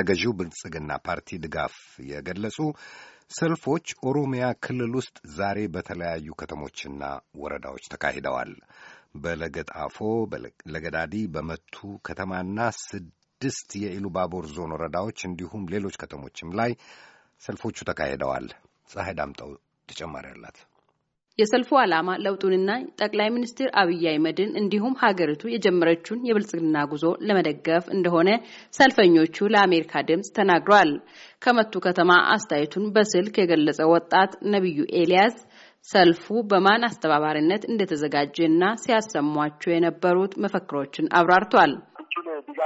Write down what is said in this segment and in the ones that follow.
ለገዢው ብልጽግና ፓርቲ ድጋፍ የገለጹ ሰልፎች ኦሮሚያ ክልል ውስጥ ዛሬ በተለያዩ ከተሞችና ወረዳዎች ተካሂደዋል። በለገጣፎ፣ ለገዳዲ፣ በመቱ ከተማና ስድስት የኢሉባቦር ዞን ወረዳዎች እንዲሁም ሌሎች ከተሞችም ላይ ሰልፎቹ ተካሂደዋል። ፀሐይ ዳምጠው ተጨማሪ አላት። የሰልፉ ዓላማ ለውጡንና ጠቅላይ ሚኒስትር አብይ አህመድን እንዲሁም ሀገሪቱ የጀመረችውን የብልጽግና ጉዞ ለመደገፍ እንደሆነ ሰልፈኞቹ ለአሜሪካ ድምፅ ተናግሯል። ከመቱ ከተማ አስተያየቱን በስልክ የገለጸ ወጣት ነቢዩ ኤልያስ ሰልፉ በማን አስተባባሪነት እንደተዘጋጀ እና ሲያሰሟቸው የነበሩት መፈክሮችን አብራርቷል።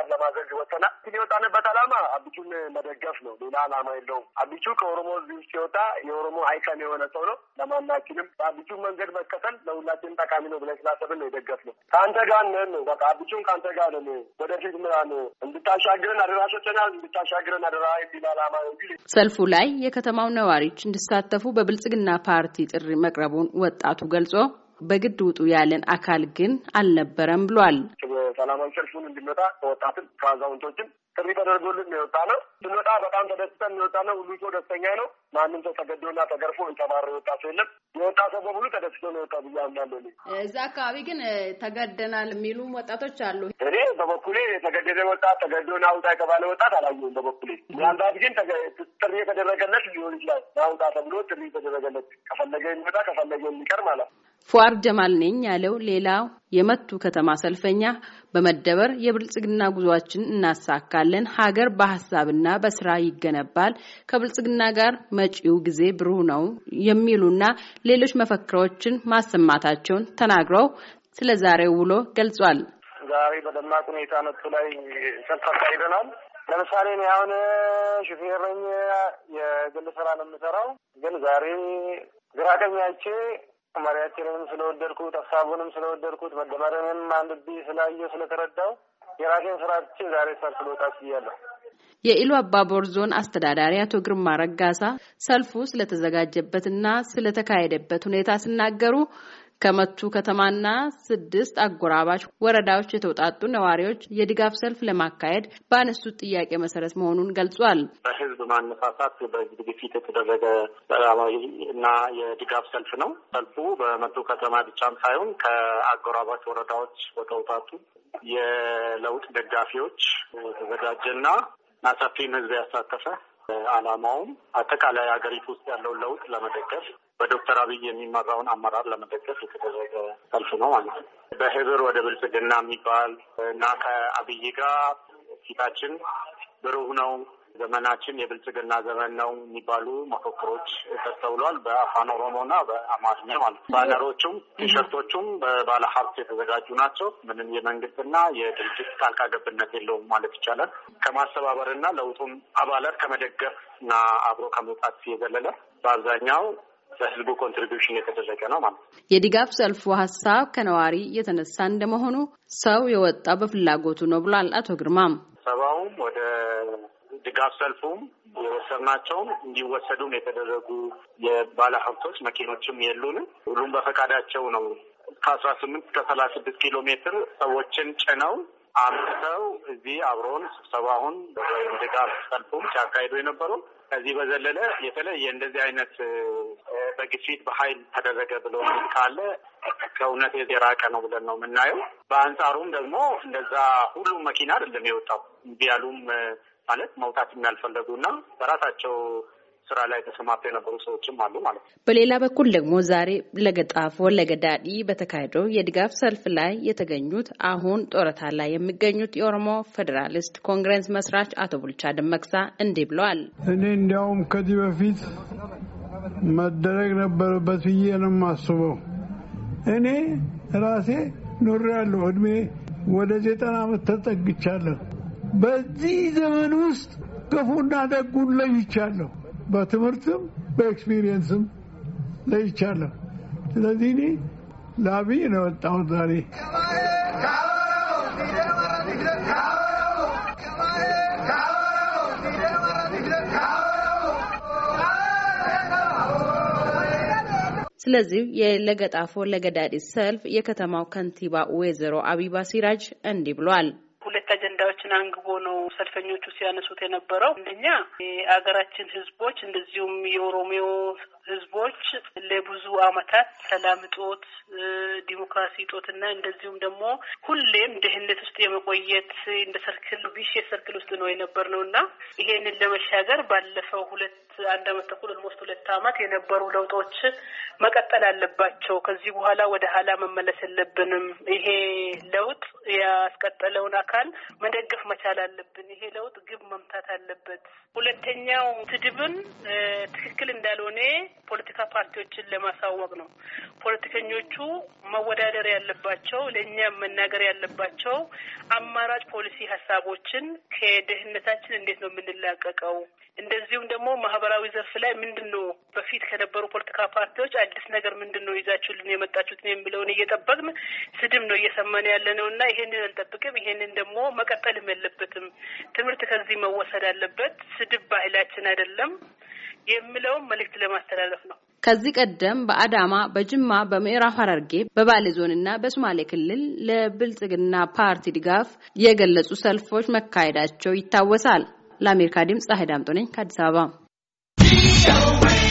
ድጋፍ ለማድረግ ወጥተናል። ግን የወጣንበት አላማ አብቹን መደገፍ ነው። ሌላ አላማ የለውም። አብቹ ከኦሮሞ ህዝብ ውስጥ የወጣ የኦሮሞ አይከን የሆነ ሰው ነው። ለማናችንም በአብቹ መንገድ መከተል ለሁላችንም ጠቃሚ ነው ብለን ስላሰብን ነው የደገፍ ነው። ከአንተ ጋር ነን ነው በቃ አብቹን ከአንተ ጋር ነን። ወደፊት ምራን እንድታሻግረን አደራ ሰጥተናል። እንድታሻግረን አደራ የሚል አላማ ነው። ሰልፉ ላይ የከተማው ነዋሪዎች እንዲሳተፉ በብልጽግና ፓርቲ ጥሪ መቅረቡን ወጣቱ ገልጾ በግድ ውጡ ያለን አካል ግን አልነበረም ብሏል። ሰላማዊ ሰልፉን እንዲመጣ ከወጣትም ከአዛውንቶችም ጥሪ ተደርጎልን ነው የወጣ ነው። ስንወጣ በጣም ተደስተን የወጣ ነው። ሁሉ ሰው ደስተኛ ነው። ማንም ሰው ተገዶና ተገርፎ እንጨባረ የወጣ ሰው የለም። የወጣ ሰው በሙሉ ተደስቶ ነው የወጣ ብዬ አምናለሁ። እዛ አካባቢ ግን ተገደናል የሚሉ ወጣቶች አሉ። እኔ በበኩሌ የተገደደ ወጣት ተገዶና አውጣ የተባለ ወጣት አላየሁም። በበኩሌ ምናልባት ግን ጥሪ የተደረገለት ሊሆን ይችላል። አውጣ ተብሎ ጥሪ የተደረገለት ከፈለገ የሚወጣ ከፈለገ የሚቀር ማለት ነው። ፉአድ ጀማል ነኝ ያለው ሌላው የመቱ ከተማ ሰልፈኛ በመደበር የብልጽግና ጉዟችን እናሳካለን፣ ሀገር በሀሳብና በስራ ይገነባል፣ ከብልጽግና ጋር መጪው ጊዜ ብሩህ ነው የሚሉና ሌሎች መፈክሮችን ማሰማታቸውን ተናግረው ስለ ዛሬው ውሎ ገልጿል። ዛሬ በደማቅ ሁኔታ መቱ ላይ ሰልፍ አካሂደናል። ለምሳሌ እኔ አሁን ሹፌር ነኝ፣ የግል ስራ ነው የምሰራው። ግን ዛሬ ግራ መሪያችንንም ስለወደድኩት፣ ሀሳቡንም ስለወደድኩት፣ መደመርንም አንብቤ ስላየሁ ስለተረዳው የራሴን ስራችን ዛሬ ሰልፍ ልወጣ ችያለሁ። የኢሉ አባቦር ዞን አስተዳዳሪ አቶ ግርማ ረጋሳ ሰልፉ ስለተዘጋጀበትና ስለተካሄደበት ሁኔታ ሲናገሩ ከመቱ ከተማና ስድስት አጎራባች ወረዳዎች የተውጣጡ ነዋሪዎች የድጋፍ ሰልፍ ለማካሄድ በአነሱት ጥያቄ መሰረት መሆኑን ገልጿል። በማነሳሳት በህዝብ ግፊት የተደረገ ሰላማዊ እና የድጋፍ ሰልፍ ነው። ሰልፉ በመቱ ከተማ ብቻም ሳይሆን ከአጎራባች ወረዳዎች በተውጣጡ የለውጥ ደጋፊዎች የተዘጋጀና ሰፊም ህዝብ ያሳተፈ አላማውም አጠቃላይ ሀገሪቱ ውስጥ ያለውን ለውጥ ለመደገፍ በዶክተር አብይ የሚመራውን አመራር ለመደገፍ የተደረገ ሰልፍ ነው ማለት ነው። በህብር ወደ ብልጽግና የሚባል እና ከአብይ ጋር ፊታችን ብሩህ ነው ዘመናችን የብልጽግና ዘመን ነው የሚባሉ መፈክሮች ተስተውሏል። በአፋን ኦሮሞና በአማርኛ ማለት ባነሮቹም ቲሸርቶቹም በባለ ሀብት የተዘጋጁ ናቸው። ምንም የመንግስትና የድርጅት ጣልቃ ገብነት የለውም ማለት ይቻላል። ከማስተባበርና ለውጡም አባላት ከመደገፍ እና አብሮ ከመውጣት የዘለለ በአብዛኛው ለህዝቡ ኮንትሪቢሽን የተደረገ ነው ማለት ነው። የድጋፍ ሰልፉ ሀሳብ ከነዋሪ የተነሳ እንደመሆኑ ሰው የወጣ በፍላጎቱ ነው ብሏል አቶ ግርማም። ሰባውም ወደ ድጋፍ ሰልፉም የወሰድናቸውም እንዲወሰዱም የተደረጉ የባለ ሀብቶች መኪኖችም የሉንም። ሁሉም በፈቃዳቸው ነው ከአስራ ስምንት ከሰላሳ ስድስት ኪሎ ሜትር ሰዎችን ጭነው አምጥተው እዚህ አብሮን ስብሰባውን ወይም ድጋፍ ሰልፉም ሲያካሂዱ የነበሩ ከዚህ በዘለለ የተለየ እንደዚህ አይነት በግፊት በኃይል ተደረገ ብሎ ካለ ከእውነት የራቀ ነው ብለን ነው የምናየው። በአንጻሩም ደግሞ እንደዛ ሁሉም መኪና አይደለም የወጣው እምቢ ያሉም ማለት መውጣት የሚያልፈለጉና በራሳቸው ስራ ላይ ተሰማርተው የነበሩ ሰዎችም አሉ ማለት ነው። በሌላ በኩል ደግሞ ዛሬ ለገጣፎ ለገዳዲ በተካሄደው የድጋፍ ሰልፍ ላይ የተገኙት አሁን ጡረታ ላይ የሚገኙት የኦሮሞ ፌዴራሊስት ኮንግረስ መስራች አቶ ቡልቻ ደመቅሳ እንዲህ ብለዋል። እኔ እንዲያውም ከዚህ በፊት መደረግ ነበረበት ብዬ ነው የማስበው። እኔ ራሴ ኖሬያለሁ። እድሜ ወደ ዘጠና ዓመት ተጠግቻለሁ። በዚህ ዘመን ውስጥ ክፉና ደጉን ለይቻለሁ። በትምህርትም በኤክስፒሪየንስም ለይቻለሁ። ስለዚህ እኔ ለአብይ ነው የወጣሁት ዛሬ። ስለዚህ የለገጣፎ ለገዳዲ ሰልፍ የከተማው ከንቲባ ወይዘሮ አቢባ ሲራጅ እንዲህ ብሏል። ሁለት አጀንዳዎችን አንግቦ ነው ሰልፈኞቹ ሲያነሱት የነበረው። አንደኛ የአገራችን ህዝቦች እንደዚሁም የኦሮሚዮ ህዝቦች ለብዙ አመታት ሰላም እጦት፣ ዲሞክራሲ እጦትና እንደዚሁም ደግሞ ሁሌም ድህነት ውስጥ የመቆየት እንደ ሰርክል ቢሽ ሰርክል ውስጥ ነው የነበር ነው እና ይሄንን ለመሻገር ባለፈው ሁለት አንድ አመት ተኩል ኦልሞስት ሁለት አመት የነበሩ ለውጦች መቀጠል አለባቸው። ከዚህ በኋላ ወደ ኋላ መመለስ የለብንም። ይሄ ለውጥ ያስቀጠለውን አካል መደገፍ መቻል አለብን። ይሄ ለውጥ ግብ መምታት አለበት። ሁለተኛው ስድብን ትክክል እንዳልሆነ ፖለቲካ ፓርቲዎችን ለማሳወቅ ነው። ፖለቲከኞቹ መወዳደር ያለባቸው ለእኛ መናገር ያለባቸው አማራጭ ፖሊሲ ሀሳቦችን ከድህነታችን እንዴት ነው የምንላቀቀው፣ እንደዚሁም ደግሞ ማህበራዊ ዘርፍ ላይ ምንድን ነው በፊት ከነበሩ ፖለቲካ ፓርቲዎች አዲስ ነገር ምንድን ነው ይዛችሁልን የመጣችሁትን የሚለውን እየጠበቅን ስድብ ነው እየሰማን ያለ ነው እና ይሄንን አልጠብቅም። ይሄንን ደግሞ መቀጠልም የለበትም። ትምህርት ከዚህ መወሰድ አለበት። ስድብ ባህላችን አይደለም የሚለውን መልእክት ለማስተላለፍ ነው። ከዚህ ቀደም በአዳማ፣ በጅማ፣ በምዕራብ ሐረርጌ፣ በባሌ ዞን እና በሶማሌ ክልል ለብልጽግና ፓርቲ ድጋፍ የገለጹ ሰልፎች መካሄዳቸው ይታወሳል። ለአሜሪካ ድምፅ ፀሐይ ዳምጦ ነኝ ከአዲስ አበባ።